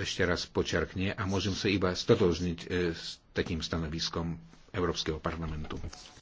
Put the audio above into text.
ešte raz počarkne a môžem sa iba stotožniť e, s takým stanoviskom Európskeho parlamentu.